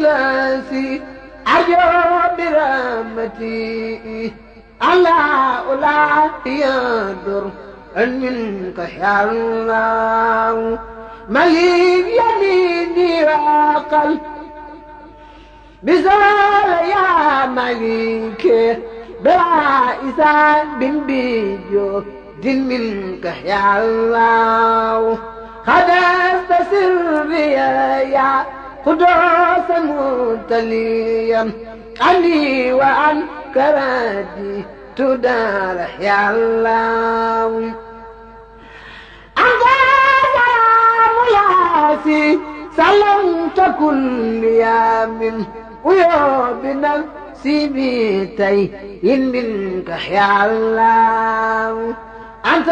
ثلاثي أرجو برحمتي ألا أولا يدر أن منك يا الله مليك يميني وعقل بزول يا مليك بلا إسان بن بيجو دين منك يا الله خدست سري يا قدوسا متليا عني وعن كرادي تدار يا الله نفسي سلمت كل يوم ويوم نفسي بيتي منك يا الله أنت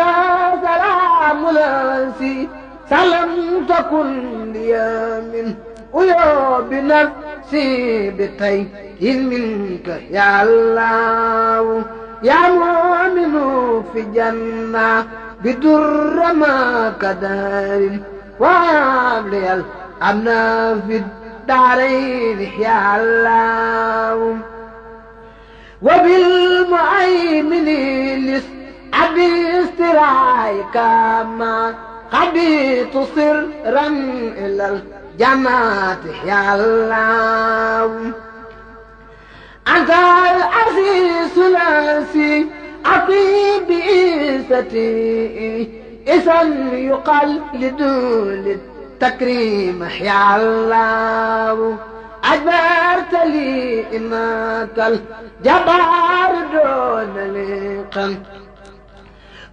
سلام لنسي سلمت كل يوم أيا بنفسي بطيء منك يا الله يا مؤمن في جنة بدر ما كدار وعاملي الأمن في الدارين يا الله وبالمؤمن لس أبي استرايك ما قد تصر إلى الأرض جماعتي يا الله أنت العزيز العزي أطيب بإيستي إذا يقال لدول التكريم يا الله أجبرت لي إنك الجبار دون لقم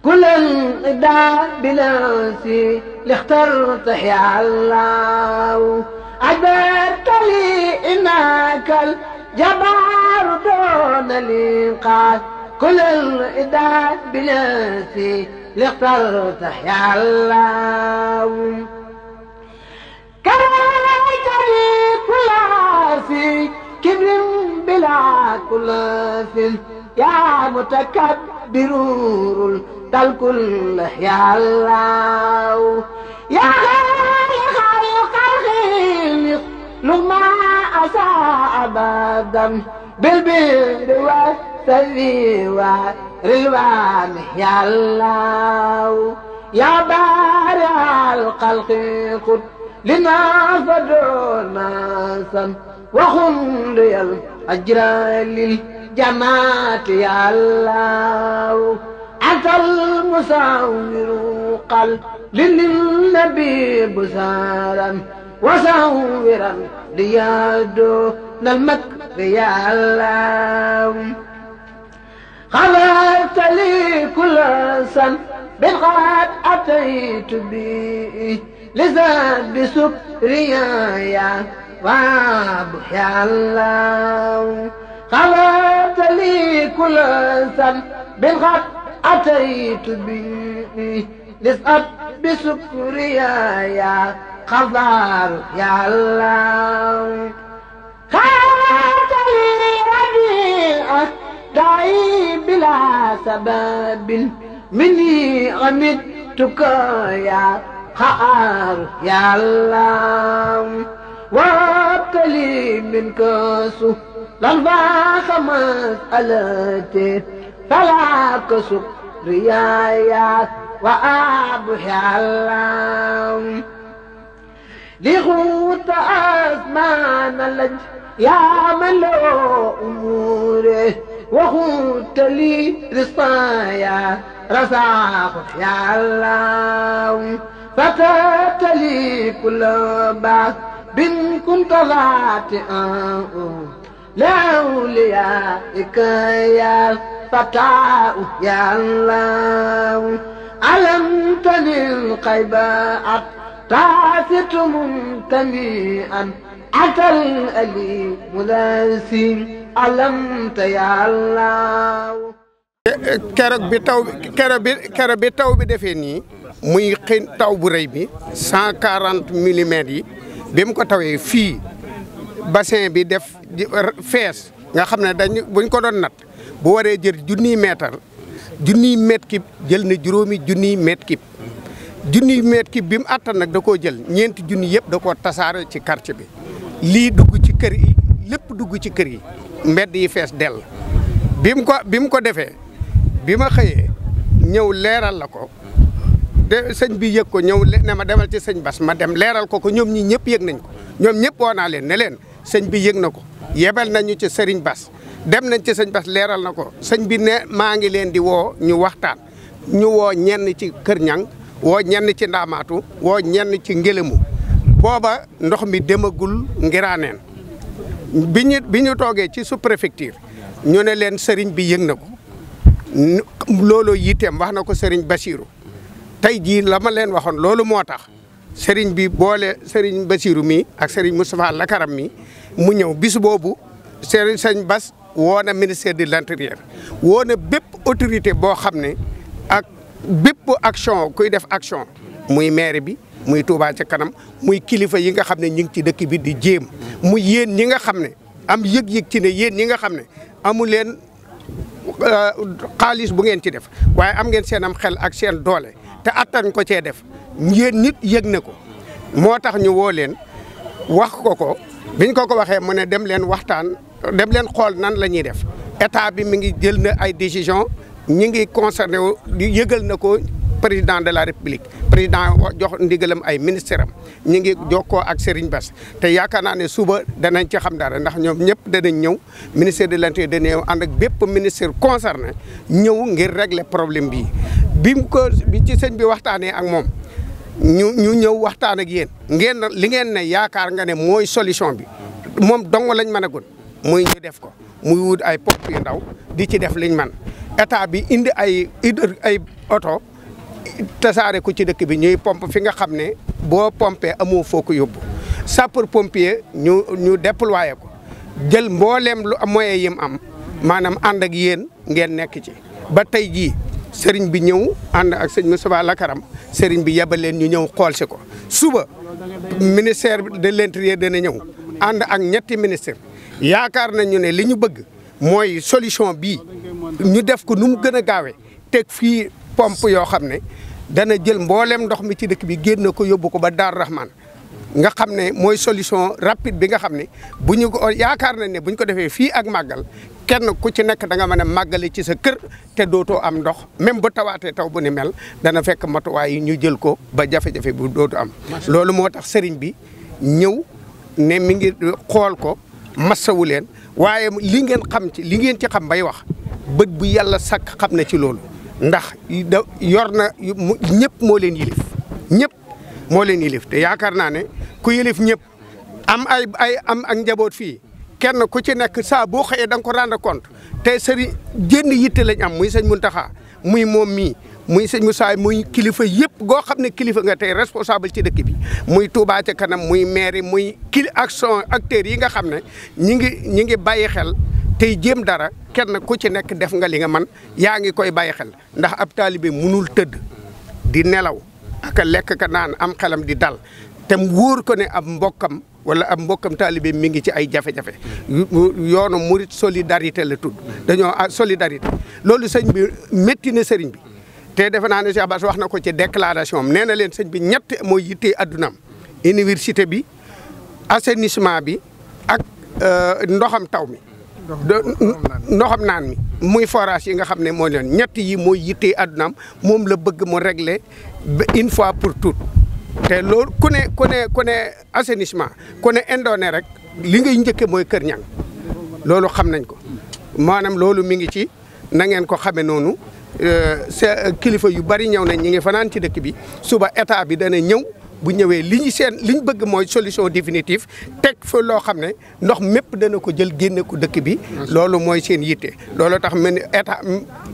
كل الإداء بلاسي اللي اخترته يا الله عجبت لي إنك الجبار دون الإنقاذ كل الإداد بنفسي اللي اخترته يا الله كرهتني كل في كبر بلا كل في يا متكبر تلك يا الله الأعظم بالبر والسر والرضوان يا الله يا بارع الخلق قد لنا فدعونا سم وخن الأجر للجماعة يا الله أنت المساور قل للنبي بسارا وساورا ليادو المكر يا الله غفرت لي كل سن بالغاد أتيت بي لزاد بسكريا يا رب يا الله غفرت لي كل سن بالغاد أتيت بي لزاد بسكريا يا قدر يا الله باب مني عمدتك يا خار يا الله وابتلي منك سهل الفاخ مسألتي فلا كسب ريايا وأبو يا الله لغوت أزمان اللج يا ملو أموره وخوت لي رسطايا رزاق يا الله فتات لي كل بعث بن كنت ذاتئا لأوليائك يا فتاة يا الله علمتني القيبات تعثت منتميئا أتى الأليم keroog bi taw bi defee nii muy xin taw bu rëy bi cent quarante millimètres yi bi mu ko tawee fii bassin bi def fees nga xam ne dañ buñ ko doon nat bu waree jël junni mètre junniy mètre kib jël na juróomi junniy mètre kib junniy mètre kib bi mu attan nag da koo jël ñeenti junni yëpp da ko tasaare ci quartier bi lii dugg ci kër yi lépp dugg ci kër yi mbedd yi fees dell bim ko bi mu ko defee bi ma xëyee ñëw leeral la ko de sëñ bi yëg ko ñëw ne ma demal ci sëñ Bas ma dem leeral ko ko ñoom ñi ñëpp yëg nañ ko ñoom ñëpp woo naa leen ne leen sëñ bi yëg na ko yebal nañu ci sëriñ Bas dem nañ ci sëñ Bas leeral na ko sëñ bi ne maa ngi leen di woo ñu waxtaan ñu woo ñenn ci Kër Ñang woo ñenn ci Ndaamaatu woo ñenn ci Ngélému booba ndox mi demagul ngiraaneen bi ñu toogee ci sous-préfecture ñu ne leen sëriñ bi yëg na ko looloo yitteem wax na ko sëriñ Bassirou tey jii la ma leen waxoon loolu moo tax sëriñ bi boole sëriñ Bassirou mi ak sëriñ Moustapha Lakaram mii mu ñëw bis boobu sëriñ sëñ bas woo na ministère de l'intérieur woo na bépp autorité boo xam ne ak bépp action kuy def action muy maire bi muy Touba ca kanam muy kilifa yi nga xam ne ñu ngi ci dëkk bi di jéem mu yéen ñi nga xam ne am yëg-yëg ci ne yéen ñi nga xam ne amu leen euh, xaalis bu ngeen ci def waaye am ngeen seen am xel ak seen doole te attan ko cee def yéen nit yëg na ko moo tax ñu woo leen wax ko ko biñ ko ko waxee mu ne dem leen waxtaan dem leen xool nan la ñuy def état bi mi ngi jël na ay décision ñi ngi concerné wu yëgal na ko président de la république président jox ndigalam ay ministère am ñu ngi jokkoo ak Serigne Bass te yaakaar naa ne suba danañ ci xam dara ndax ñoom ñëpp danañ ñëw ministère de l'intérieur danañ ñëw ànd ak bépp ministère concerné ñëw ngir régler problème bii bi mu ko bi ci sëñ bi waxtaanee ak moom ñu ñu ñëw waxtaan ak yéen ngeen li ngeen ne yaakaar nga ne mooy solution bi moom dong lañ mën a gun muy ñu def ko muy wut ay pompe yu ndaw di ci def liñ man état bi indi ay ay oto tasaare ko ci dëkk bi ñuy pomp fi nga xam ne boo pompee amoo foo ko yóbbu sapeur pompier ñu ñu déployé ko jël mbooleem lu moyen yim am maanaam ànd ak yéen ngeen nekk ci ba tey jii sëriñ bi ñëw ànd ak sëñ Moustapha Lakaram sëriñ bi yebal leen ñu ñëw xool ko suba ministère de l'intérieur dana ñëw ànd ak ñetti ministre yaakaar nañu ne li ñu bëgg mooy solution bi ñu def ko nu mu gën a gaawe teg fii pompe yoo xam ne dana jël mbooleem ndox mi ci dëkk bi génn ko yóbbu ko ba Daaru Rahman nga xam ne mooy solution rapide bi nga xam ne bu ñu ko yaakaar nañ ne bu ko defee fii ak màggal kenn ku ci nekk da nga mën a màggale ci sa kër te dootoo am ndox même bu tawaatee taw bu ne mel dana fekk matuwaay yi ñu jël ko ba jafe-jafe bu dootu am. loolu moo tax sëriñ bi ñëw ne mi ngi xool ko massawu leen waaye li ngeen xam ci li ngeen ci xam bay wax bët bu yàlla sakk xam na ci loolu. ndax da yor na ñëpp moo leen yilif ñëpp moo leen yilif te yaakaar naa ne ku yilif ñëpp am ay ay am ak njaboot fii kenn ku ci nekk saa boo xëyee da nga ko rendre compte te sëriñ jënn yitte lañ am muy sëñ taxa muy moom mii muy sëñ Moussa muy kilifa yëpp goo xam ne kilifa nga tey responsable ci dëkk bi muy Touba ca kanam muy maire muy kil action acteurs yi nga xam ne ñi ngi ñi ngi bàyyi xel tey jéem dara kenn ku ci nekk def nga li nga man yaa ngi koy bàyyi xel ndax ab taalibe munul tëdd di nelaw ak lekk ka naan am xelam di dal te mu wóor ko ne ab mbokkam wala ab mbokkam taalibe mi ngi ci ay jafe-jafe yoonu murit solidarité la tudd dañoo ah, solidarité loolu sëñ bi métti na sëriñ bi te defe naa ne Cheikh wax na ko ci déclaration am nee na leen sëñ bi ñett mooy yitte addunaam université bi assainissement bi ak euh, ndoxam taw mi ndoxam naan mi muy forage yi nga xam ne mooy leen ñett yi mooy yittee addunaam moom la bëgg mu régler une fois pour toutes te loolu ku ne ku ne ku ne assainissement indoone rek li ngay njëkke mooy Kër Ñang loolu xam nañ ko maanaam loolu mi ngi ci na ngeen ko xamee noonu euh, sa kilifa yu bari ñëw nañ ñi ngi fanaan ci dëkk bi suba état bi dana ñëw bu ñëwee li ñu seen li ñu bëgg mooy solution définitive teg fa loo xam ne ndox mépp dana ko jël génne ko dëkk bi. loolu mooy seen yitte. loolu tax mel ni état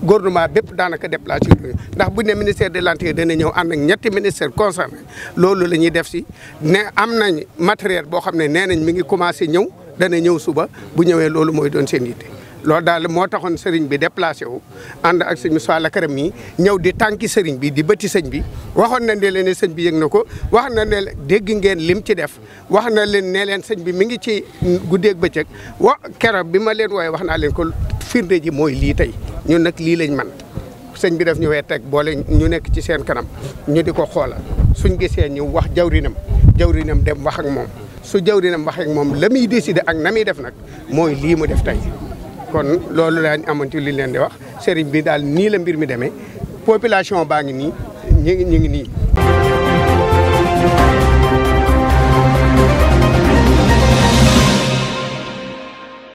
gouvernement bépp daanaka déplacé ndax bu ne ministère de l'intérieur dana ñëw ànd ak ñetti ministère concerné loolu la ñuy def si ne am nañ matériel boo xam ne nee nañ mi ngi commencé ñëw dana ñëw suba bu ñëwee loolu mooy doon seen yitte. loolu daal moo taxoon sëriñ bi déplacé wu ànd ak sëñ Moussa Lakaram yi ñëw di tànki sëriñ bi di bëti sëñ bi waxoon na ne leen sëñ bi yëg na ko wax na ne dégg ngeen lim ci def wax na leen ne leen sëñ bi mi ngi ci guddeeg bëccëg wa keroog bi ma leen wooye wax naa leen ko firnde ji mooy lii tey ñun nag lii lañ man sëñ bi def ñu wee teg boole ñu nekk ci seen kanam ñu di ko xoola suñ gisee ñu wax jawrinam jawrinam dem wax moom su jawrinam wax ak moom la muy décider ak na muy def nag mooy lii mu def tey kon loolu laa amoon ci li leen di wax sëriñ bi daal nii la mbir mi demee population baa ngi nii ñi ngi ñu ngi nii.